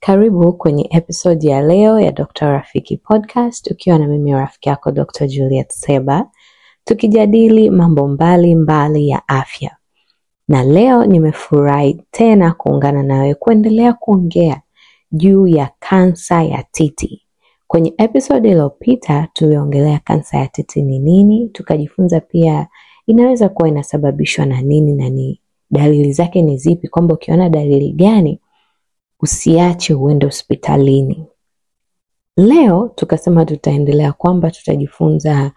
Karibu kwenye episodi ya leo ya d Rafiki Podcast, ukiwa na mimi rafiki yako d Juliet Seba, tukijadili mambo mbalimbali mbali ya afya. Na leo nimefurahi tena kuungana nawe kuendelea kuongea juu ya kansa ya titi. Kwenye episodi iliyopita tuliongelea kansa ya titi ni nini, tukajifunza pia inaweza kuwa inasababishwa na nini na ni dalili zake ni zipi, kwamba ukiona dalili gani usiache uende hospitalini. Leo tukasema tutaendelea kwamba tutajifunza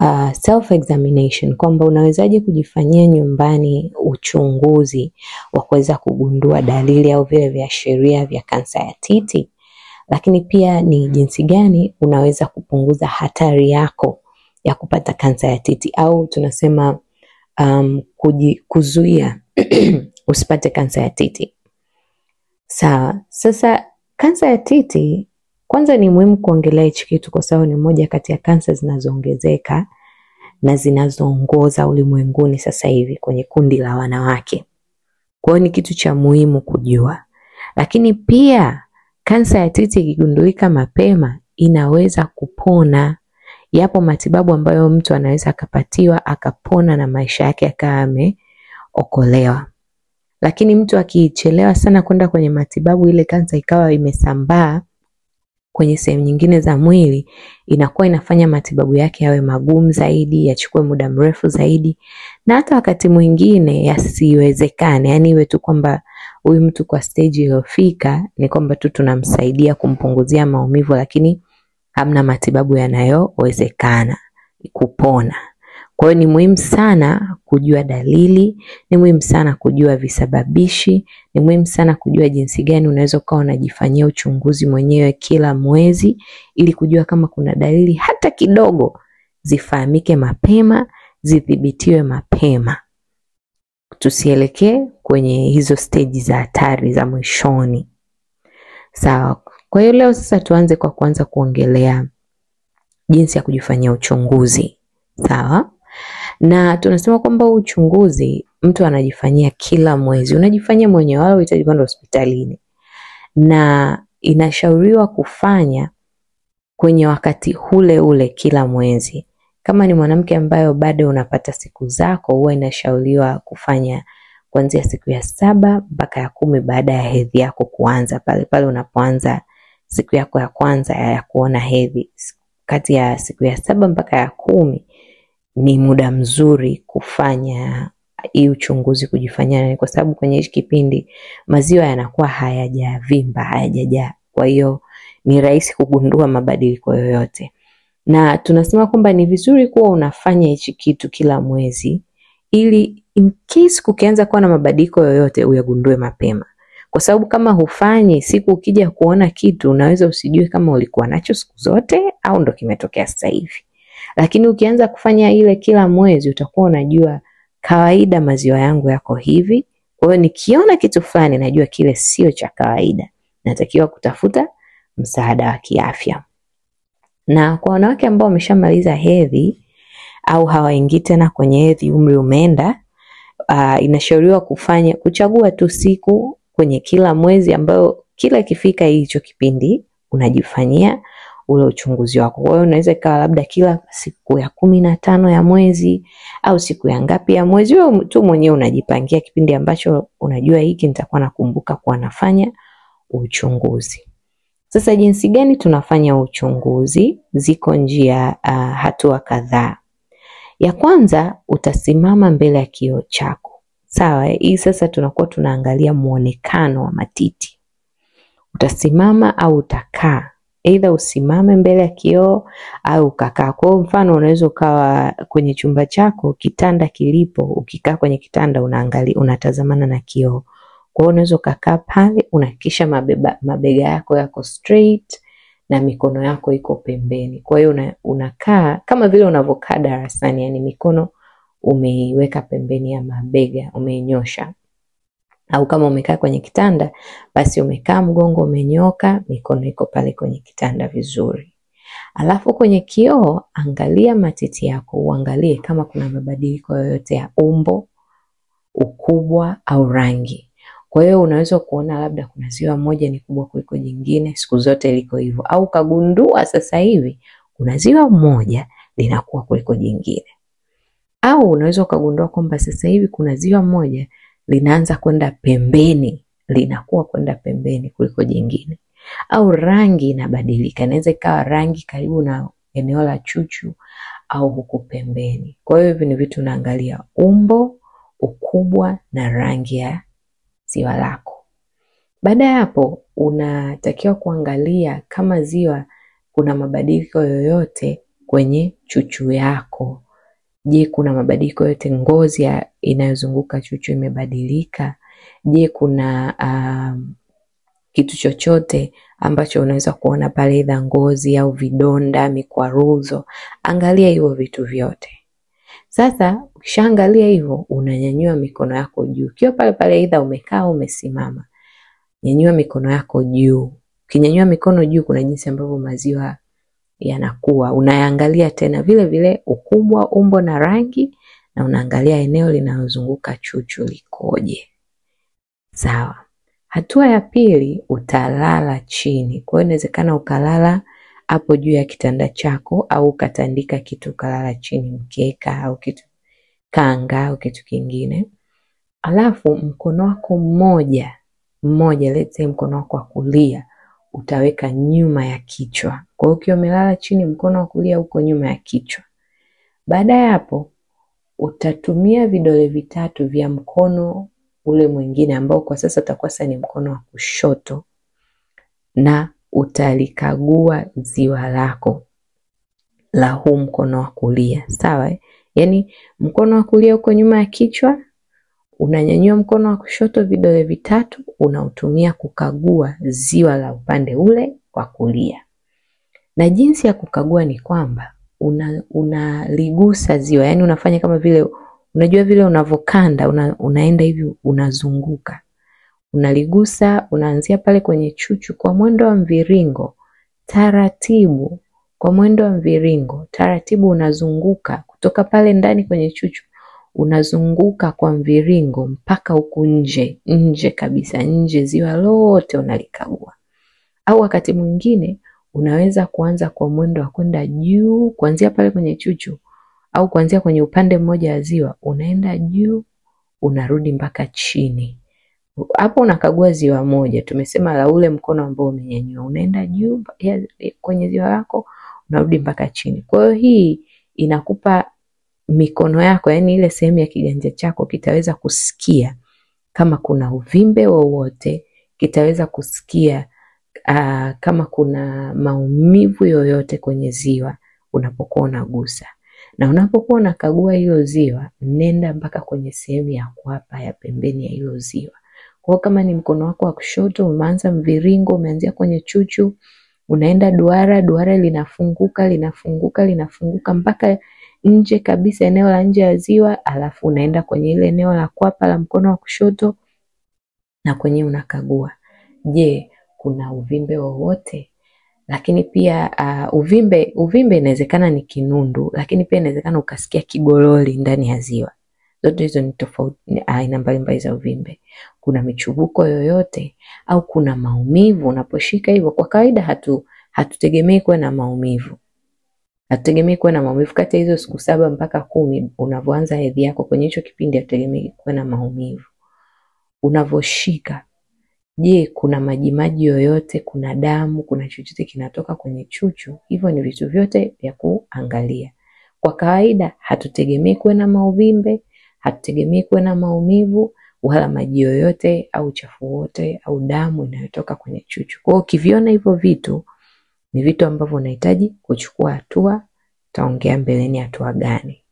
uh, self examination kwamba unawezaje kujifanyia nyumbani uchunguzi wa kuweza kugundua dalili au vile viashiria vya kansa ya titi, lakini pia ni jinsi gani unaweza kupunguza hatari yako ya kupata kansa ya titi au tunasema um, kuji, kuzuia usipate kansa ya titi. Sawa, sasa kansa ya titi, kwanza ni muhimu kuongelea hichi kitu kwa sababu ni moja kati ya kansa zinazoongezeka na zinazoongoza ulimwenguni sasa hivi kwenye kundi la wanawake. Kwa hiyo ni kitu cha muhimu kujua, lakini pia kansa ya titi ikigundulika mapema inaweza kupona. Yapo matibabu ambayo mtu anaweza akapatiwa akapona na maisha yake akawa ameokolewa. Lakini mtu akiichelewa sana kwenda kwenye matibabu, ile kansa ikawa imesambaa kwenye sehemu nyingine za mwili, inakuwa inafanya matibabu yake yawe magumu zaidi, yachukue muda mrefu zaidi, na hata wakati mwingine yasiwezekane, yaani iwe tu kwamba huyu mtu kwa stage iliyofika ni kwamba tu tunamsaidia kumpunguzia maumivu, lakini hamna matibabu yanayowezekana kupona. Kwa hiyo ni muhimu sana kujua dalili, ni muhimu sana kujua visababishi, ni muhimu sana kujua jinsi gani unaweza ukawa unajifanyia uchunguzi mwenyewe kila mwezi, ili kujua kama kuna dalili hata kidogo, zifahamike mapema, zidhibitiwe mapema, tusielekee kwenye hizo steji za hatari za mwishoni. Sawa. Kwa hiyo leo sasa tuanze kwa kuanza kuongelea jinsi ya kujifanyia uchunguzi. Sawa na tunasema kwamba uchunguzi mtu anajifanyia kila mwezi, unajifanyia mwenyewe wala unahitaji kwenda hospitalini, na inashauriwa kufanya kwenye wakati hule ule kila mwezi. Kama ni mwanamke ambayo bado unapata siku zako, huwa inashauriwa kufanya kuanzia siku ya saba mpaka ya kumi baada ya hedhi yako kuanza, pale pale unapoanza siku yako ya kwanza ya kuona hedhi, kati ya siku ya saba mpaka ya kumi ni muda mzuri kufanya hii uchunguzi kujifanyia, kwa sababu kwenye hichi kipindi maziwa yanakuwa hayajavimba, hayajajaa, kwa hiyo ni rahisi kugundua mabadiliko yoyote. Na tunasema kwamba ni vizuri kuwa unafanya hichi kitu kila mwezi, ili in case kukianza kuwa na mabadiliko yoyote uyagundue mapema, kwa sababu kama hufanyi, siku ukija kuona kitu unaweza usijue kama ulikuwa nacho siku zote au ndo kimetokea sasa hivi. Lakini ukianza kufanya ile kila mwezi, utakuwa unajua kawaida maziwa yangu yako hivi. Kwa hiyo nikiona kitu fulani, najua kile sio cha kawaida, natakiwa kutafuta msaada wa kiafya. Na kwa wanawake ambao wameshamaliza hedhi au hawaingii tena kwenye hedhi, umri umeenda, uh, inashauriwa kufanya kuchagua tu siku kwenye kila mwezi ambayo kila ikifika hicho kipindi unajifanyia ule uchunguzi wako. Kwa hiyo unaweza ikawa labda kila siku ya kumi na tano ya mwezi au siku ya ngapi ya mwezi, wewe tu mwenyewe unajipangia kipindi ambacho unajua hiki nitakuwa nakumbuka kuwa nafanya uchunguzi. Sasa jinsi gani tunafanya uchunguzi? Ziko njia uh, hatua kadhaa. Ya kwanza utasimama mbele ya kioo chako, sawa? Hii sasa tunakuwa tunaangalia mwonekano wa matiti. Utasimama au utakaa Aidha usimame mbele ya kioo au ukakaa. Kwa mfano, unaweza ukawa kwenye chumba chako kitanda kilipo, ukikaa kwenye kitanda unaangalia, unatazamana na kioo. Kwa hiyo unaweza ukakaa pale, unahakikisha mabega yako yako straight na mikono yako iko pembeni. Kwa hiyo una, unakaa kama vile unavyokaa darasani, yani mikono umeiweka pembeni ya mabega, umeinyosha au kama umekaa kwenye kitanda basi umekaa mgongo umenyoka, mikono iko pale kwenye kitanda vizuri. Alafu kwenye kioo angalia matiti yako, uangalie kama kuna mabadiliko yoyote ya umbo, ukubwa au rangi. Kwa hiyo unaweza kuona labda kuna ziwa moja ni kubwa kuliko jingine, siku zote liko hivyo, au ukagundua sasa hivi kuna ziwa moja linakuwa kuliko jingine, au unaweza ukagundua kwamba sasa hivi kuna ziwa moja linaanza kwenda pembeni, linakuwa kwenda pembeni kuliko jingine, au rangi inabadilika, inaweza ikawa rangi karibu na eneo la chuchu au huku pembeni. Kwa hiyo hivi ni vitu naangalia umbo, ukubwa na rangi ya ziwa lako. Baada ya hapo, unatakiwa kuangalia kama ziwa kuna mabadiliko yoyote kwenye chuchu yako Je, kuna mabadiliko yote ngozi inayozunguka chuchu imebadilika? Je, kuna uh, kitu chochote ambacho unaweza kuona pale, idha ngozi au vidonda, mikwaruzo. Angalia hivyo vitu vyote. Sasa ukishaangalia hivyo, unanyanyua mikono yako juu, ukiwa pale pale, idha umekaa au umesimama, nyanyua mikono yako juu. Ukinyanyua mikono juu, kuna jinsi ambavyo maziwa yanakuwa. Unayaangalia tena vile vile ukubwa, umbo na rangi, na unaangalia eneo linalozunguka chuchu likoje. Sawa. Hatua ya pili utalala chini. Kwa hiyo inawezekana ukalala hapo juu ya kitanda chako au ukatandika kitu ukalala chini, mkeka au kitu kanga au kitu kingine. Alafu mkono wako mmoja mmoja, let's say mkono wako wa kulia utaweka nyuma ya kichwa kwa ukiwa umelala chini, mkono wa kulia uko nyuma ya kichwa. Baada ya hapo, utatumia vidole vitatu vya mkono ule mwingine ambao kwa sasa utakuwa sasa ni mkono wa kushoto, na utalikagua ziwa lako la huu mkono wa kulia, sawa? Eh? Yaani mkono wa kulia uko nyuma ya kichwa, unanyanyua mkono wa kushoto, vidole vitatu unautumia kukagua ziwa la upande ule wa kulia na jinsi ya kukagua ni kwamba unaligusa una ziwa, yani unafanya kama vile unajua vile unavokanda una, unaenda hivi unazunguka, unaligusa, unaanzia pale kwenye chuchu kwa mwendo wa mviringo taratibu, kwa mwendo wa mviringo taratibu, unazunguka kutoka pale ndani kwenye chuchu unazunguka kwa mviringo mpaka huku nje nje kabisa, nje ziwa lote unalikagua. Au wakati mwingine unaweza kuanza kwa mwendo wa kwenda juu kuanzia pale kwenye Chuchu au kuanzia kwenye upande mmoja wa ziwa, unaenda juu unarudi mpaka chini. Hapo unakagua ziwa moja, tumesema la ule mkono ambao umenyanyua, unaenda juu kwenye ziwa lako unarudi mpaka chini. Kwa hiyo hii inakupa mikono yako, yaani ile sehemu ya kiganja chako kitaweza kusikia kama kuna uvimbe wowote, kitaweza kusikia uh, kama kuna maumivu yoyote kwenye ziwa unapokuwa unagusa na unapokuwa unakagua hilo ziwa, nenda mpaka kwenye sehemu ya kwapa ya pembeni ya hilo ziwa. Kwa kama ni mkono wako wa kushoto umeanza mviringo, umeanzia kwenye chuchu, unaenda duara, duara linafunguka linafunguka linafunguka mpaka nje kabisa, eneo la nje ya ziwa, alafu unaenda kwenye ile eneo la kwapa la mkono wa kushoto, na kwenye unakagua, je, kuna uvimbe wowote. Lakini pia uh, uvimbe uvimbe inawezekana ni kinundu, lakini pia inawezekana ukasikia kigololi ndani ya ziwa. Zote hizo ni tofauti, aina mbalimbali za uvimbe. Kuna michubuko yoyote au kuna maumivu unaposhika hivyo. Kwa kawaida hatu hatutegemei kuwa na maumivu, hatutegemei kuwa na maumivu kati ya hizo siku saba mpaka kumi unavyoanza hedhi yako. Kwenye hicho kipindi hatutegemei kuwa na maumivu unavyoshika Je, kuna majimaji yoyote, kuna damu, kuna chochote kinatoka kwenye chuchu? Hivyo ni vitu vyote vya kuangalia. Kwa kawaida hatutegemei kuwe na mauvimbe, hatutegemei kuwe na maumivu wala maji yoyote au uchafu wote au damu inayotoka kwenye chuchu. Kwa hiyo ukiviona hivyo vitu ni vitu ambavyo unahitaji kuchukua hatua, taongea mbeleni hatua gani.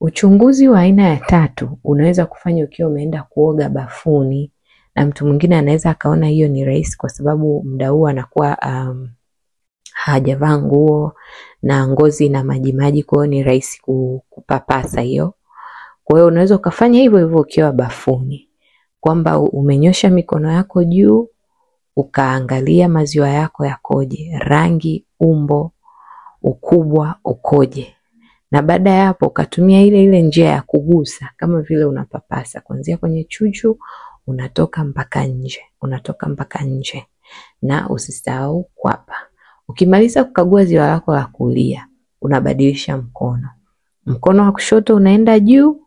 Uchunguzi wa aina ya tatu unaweza kufanya ukiwa umeenda kuoga bafuni na mtu mwingine anaweza akaona hiyo ni rahisi kwa sababu muda huo anakuwa um, hajavaa nguo na ngozi na majimaji, kwa ni rahisi kupapasa hiyo. Kwa hiyo unaweza ukafanya hivyo hivyo ukiwa bafuni, kwamba umenyosha mikono yako juu ukaangalia maziwa yako yakoje, rangi, umbo, ukubwa ukoje, na baada ya hapo ukatumia ile ile njia ya kugusa, kama vile unapapasa kuanzia kwenye chuchu unatoka mpaka nje, unatoka mpaka nje, na usisahau kwapa. Ukimaliza kukagua ziwa lako la kulia, unabadilisha mkono. Mkono wa kushoto unaenda juu,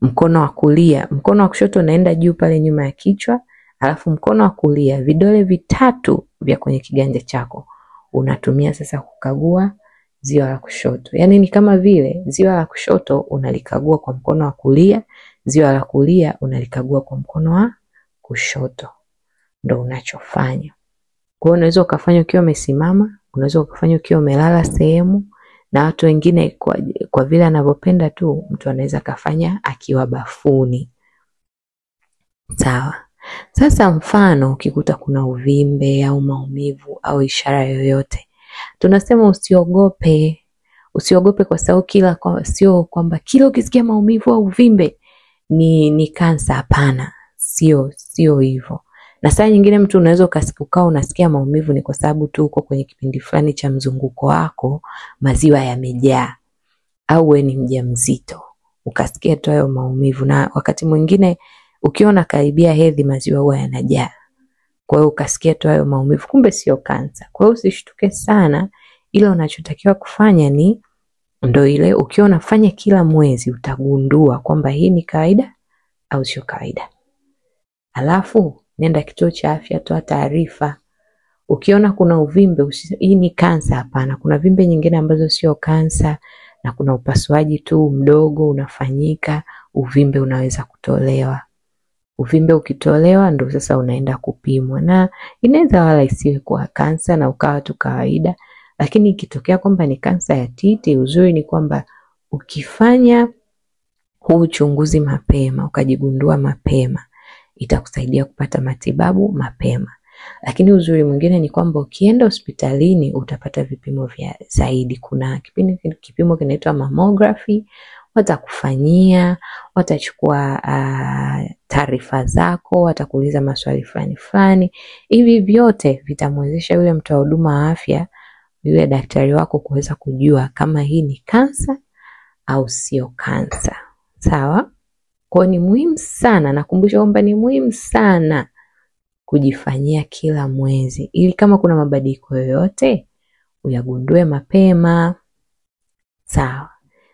mkono wa kulia, mkono wa kushoto unaenda juu pale nyuma ya kichwa, alafu mkono wa kulia, vidole vitatu vya kwenye kiganja chako unatumia sasa kukagua ziwa la kushoto. Yaani ni kama vile ziwa la kushoto unalikagua kwa mkono wa kulia ziwa la kulia unalikagua kwa mkono wa kushoto, ndo unachofanya. Kwa hiyo unaweza ukafanya ukiwa umesimama, unaweza ukafanya ukiwa umelala sehemu, na watu wengine kwa, kwa vile anavyopenda tu mtu anaweza akafanya akiwa bafuni. Sawa. Sasa mfano ukikuta kuna uvimbe au maumivu au ishara yoyote, tunasema usiogope. Usiogope kwa sababu kila kwa, sio kwamba kila ukisikia maumivu au uvimbe ni ni kansa. Hapana, sio sio hivyo. Na saa nyingine mtu unaweza ukaa unasikia maumivu ni kwa sababu tu uko kwenye kipindi fulani cha mzunguko wako, maziwa yamejaa, au wewe ni mjamzito ukasikia tu hayo maumivu. Na wakati mwingine ukiwa unakaribia hedhi, maziwa huwa yanajaa, kwa hiyo ukasikia tu hayo maumivu, kumbe sio kansa. Kwa hiyo usishtuke sana, ila unachotakiwa kufanya ni Ndo ile ukiwa unafanya kila mwezi utagundua kwamba hii ni kawaida au sio kawaida. Alafu nenda kituo cha afya, toa taarifa. Ukiona kuna uvimbe usi, hii ni kansa? Hapana, kuna vimbe nyingine ambazo sio kansa, na kuna upasuaji tu mdogo unafanyika, uvimbe unaweza kutolewa. Uvimbe ukitolewa, ndo sasa unaenda kupimwa, na inaweza wala isiwe kwa kansa na ukawa tu kawaida lakini ikitokea kwamba ni kansa ya titi, uzuri ni kwamba ukifanya huu uchunguzi mapema, ukajigundua mapema, itakusaidia kupata matibabu mapema. Lakini uzuri mwingine ni kwamba ukienda hospitalini utapata vipimo vya zaidi. Kuna kipimo, kipimo kinaitwa mammography watakufanyia watachukua uh, taarifa zako, watakuuliza maswali fulani fulani. Hivi vyote vitamwezesha yule mtoa huduma wa afya yule daktari wako kuweza kujua kama hii ni kansa au sio kansa. Sawa? Kwa ni muhimu sana, nakumbusha kwamba ni muhimu sana kujifanyia kila mwezi, ili kama kuna mabadiliko yoyote uyagundue mapema. Sawa.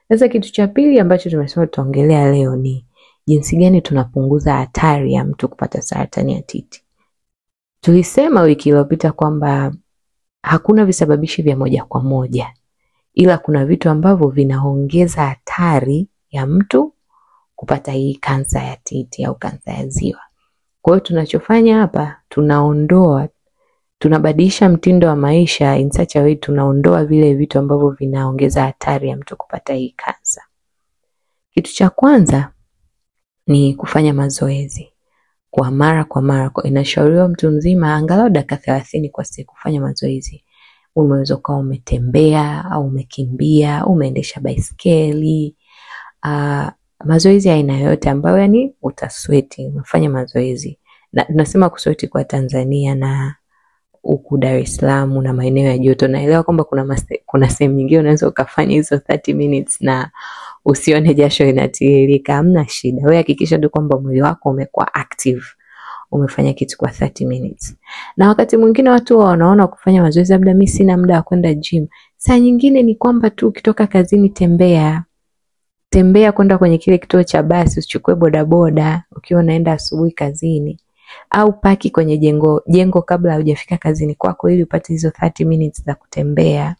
Sasa kitu cha pili ambacho tumesema tutaongelea leo ni jinsi gani tunapunguza hatari ya mtu kupata saratani ya titi. Tulisema wiki iliyopita kwamba Hakuna visababishi vya moja kwa moja, ila kuna vitu ambavyo vinaongeza hatari ya mtu kupata hii kansa ya titi au kansa ya ziwa. Kwa hiyo tunachofanya hapa, tunaondoa, tunabadilisha mtindo wa maisha in such a way, tunaondoa vile vitu ambavyo vinaongeza hatari ya mtu kupata hii kansa. Kitu cha kwanza ni kufanya mazoezi kwa mara kwa mara. Inashauriwa mtu mzima angalau dakika thelathini kwa siku kufanya mazoezi. Unaweza ukawa umetembea au umekimbia, umeendesha baiskeli, uh, mazoezi aina yoyote ambayo yani utasweti, unafanya mazoezi na tunasema kusweti kwa Tanzania na huku Dar es Salaam na maeneo ya joto. Naelewa kwamba kuna, kuna sehemu nyingine unaweza ukafanya hizo 30 minutes na usione jasho inatiririka, hamna shida. Wewe hakikisha tu kwamba mwili wako umekuwa active, umefanya kitu kwa 30 minutes. Na wakati mwingine watu wanaona kufanya mazoezi, labda mimi sina muda wa kwenda gym. Saa nyingine ni kwamba tu ukitoka kazini, tembea tembea kwenda kwenye kile kituo cha basi, usichukue bodaboda ukiwa unaenda asubuhi kazini, au paki kwenye jengo jengo kabla hujafika kazini kwako, ili upate hizo 30 minutes za kutembea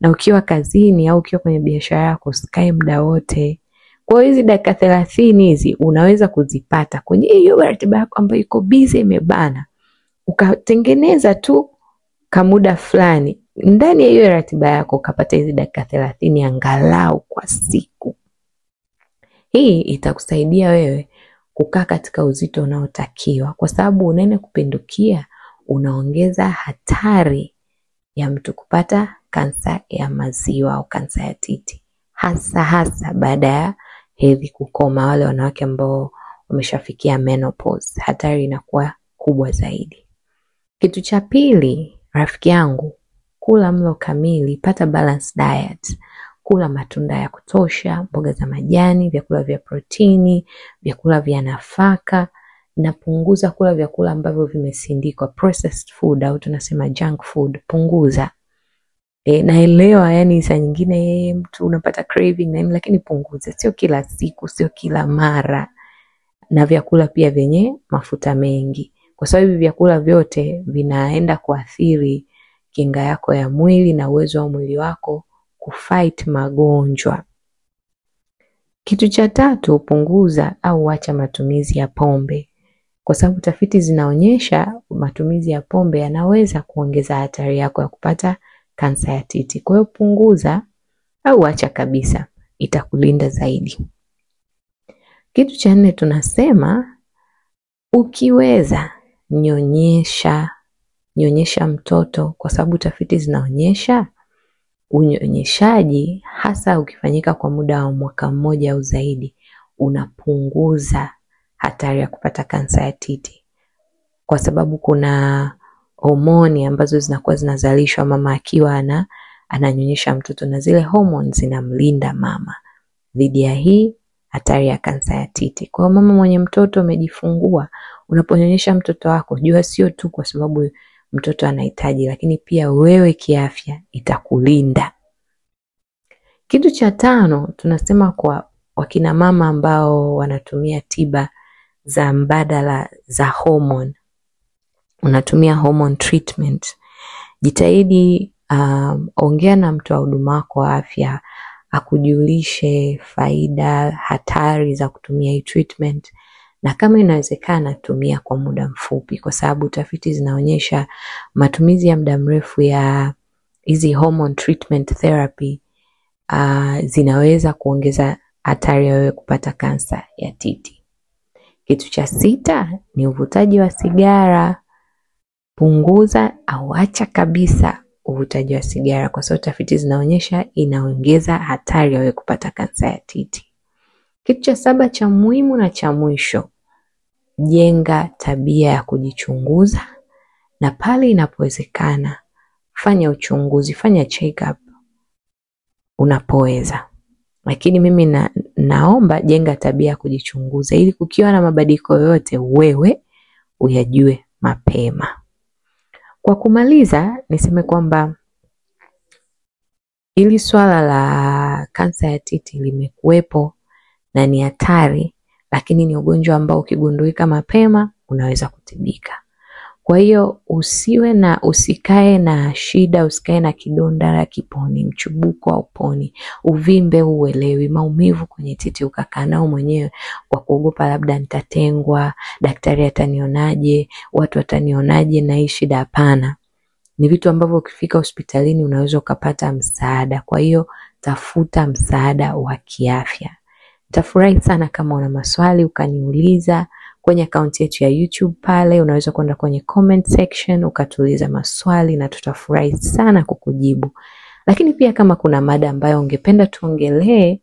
na ukiwa kazini au ukiwa kwenye biashara yako usikae muda wote. Kwa hizi dakika thelathini hizi unaweza kuzipata kwenye hiyo ratiba yako ambayo iko busy imebana, ukatengeneza tu kamuda fulani ndani ya hiyo ratiba yako ukapata hizi dakika thelathini angalau kwa siku. Hii itakusaidia wewe kukaa katika uzito unaotakiwa, kwa sababu unene kupindukia unaongeza hatari ya mtu kupata kansa ya maziwa au kansa ya titi, hasa hasa baada ya hedhi kukoma. Wale wanawake ambao wameshafikia menopause, hatari inakuwa kubwa zaidi. Kitu cha pili, rafiki yangu, kula mlo kamili, pata balance diet, kula matunda ya kutosha, mboga za majani, vyakula vya protini, vyakula vya nafaka napunguza kula vyakula ambavyo vimesindikwa, processed food au tunasema junk food. Punguza E, naelewa yani saa nyingine mtu unapata craving na lakini punguza, sio kila siku, sio kila mara, na vyakula pia vyenye mafuta mengi, kwa sababu hivi vyakula vyote vinaenda kuathiri kinga yako ya mwili na uwezo wa mwili wako kufight magonjwa. Kitu cha tatu, punguza au acha matumizi ya pombe, kwa sababu tafiti zinaonyesha matumizi ya pombe yanaweza kuongeza hatari yako ya kupata kansa ya titi. Kwa hiyo punguza au acha kabisa, itakulinda zaidi. Kitu cha nne tunasema ukiweza nyonyesha, nyonyesha mtoto, kwa sababu tafiti zinaonyesha unyonyeshaji hasa ukifanyika kwa muda wa mwaka mmoja au zaidi, unapunguza hatari ya kupata kansa ya titi, kwa sababu kuna homoni ambazo zinakuwa zinazalishwa mama akiwa ana ananyonyesha mtoto, na zile homoni zinamlinda mama dhidi ya hii hatari ya kansa ya titi. Kwa mama mwenye mtoto umejifungua, unaponyonyesha mtoto wako, jua sio tu kwa sababu mtoto anahitaji, lakini pia wewe kiafya itakulinda. Kitu cha tano tunasema kwa wakina mama ambao wanatumia tiba za mbadala za homoni unatumia hormone treatment, jitahidi um, ongea na wa huduma wako wa afya akujulishe faida, hatari za kutumia hii treatment, na kama inawezekana tumia kwa muda mfupi, kwa sababu tafiti zinaonyesha matumizi ya muda mrefu ya hizi hormone treatment therapy uh, zinaweza kuongeza hatari ya wewe kupata kansa ya titi. Kitu cha sita ni uvutaji wa sigara punguza au acha kabisa uvutaji wa sigara, kwa sababu tafiti zinaonyesha inaongeza hatari ya wewe kupata kansa ya titi. Kitu cha saba cha muhimu na cha mwisho, jenga tabia ya kujichunguza, na pale inapowezekana fanya uchunguzi, fanya check up unapoweza, lakini mimi na, naomba jenga tabia ya kujichunguza ili kukiwa na mabadiliko yoyote wewe uyajue mapema. Kwa kumaliza, niseme kwamba hili swala la kansa ya titi limekuwepo na ni hatari, lakini ni ugonjwa ambao ukigundulika mapema unaweza kutibika. Kwa hiyo usiwe na usikae na shida, usikae na kidonda la kiponi, mchubuko au poni, uvimbe uelewi, maumivu kwenye titi ukakaa nao mwenyewe kwa kuogopa, labda nitatengwa, daktari atanionaje, watu watanionaje na hii shida. Hapana, ni vitu ambavyo ukifika hospitalini unaweza ukapata msaada. Kwa hiyo tafuta msaada wa kiafya. Nitafurahi sana kama una maswali ukaniuliza kwenye akaunti yetu ya YouTube pale. Unaweza kwenda kwenye comment section ukatuuliza maswali na tutafurahi sana kukujibu. Lakini pia kama kuna mada ambayo ungependa tuongelee,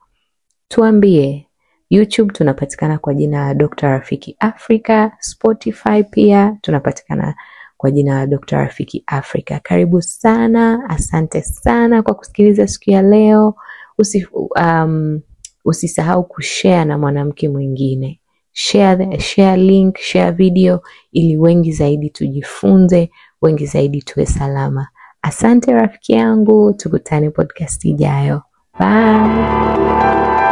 tuambie. YouTube tunapatikana kwa jina la Dr. Rafiki Africa, Spotify pia tunapatikana kwa jina la Dr. Rafiki Africa. Karibu sana, asante sana kwa kusikiliza siku ya leo. Usi, um, usisahau kushare na mwanamke mwingine share the, share link, share video ili wengi zaidi tujifunze, wengi zaidi tuwe salama. Asante rafiki yangu, tukutane podcast ijayo. Bye.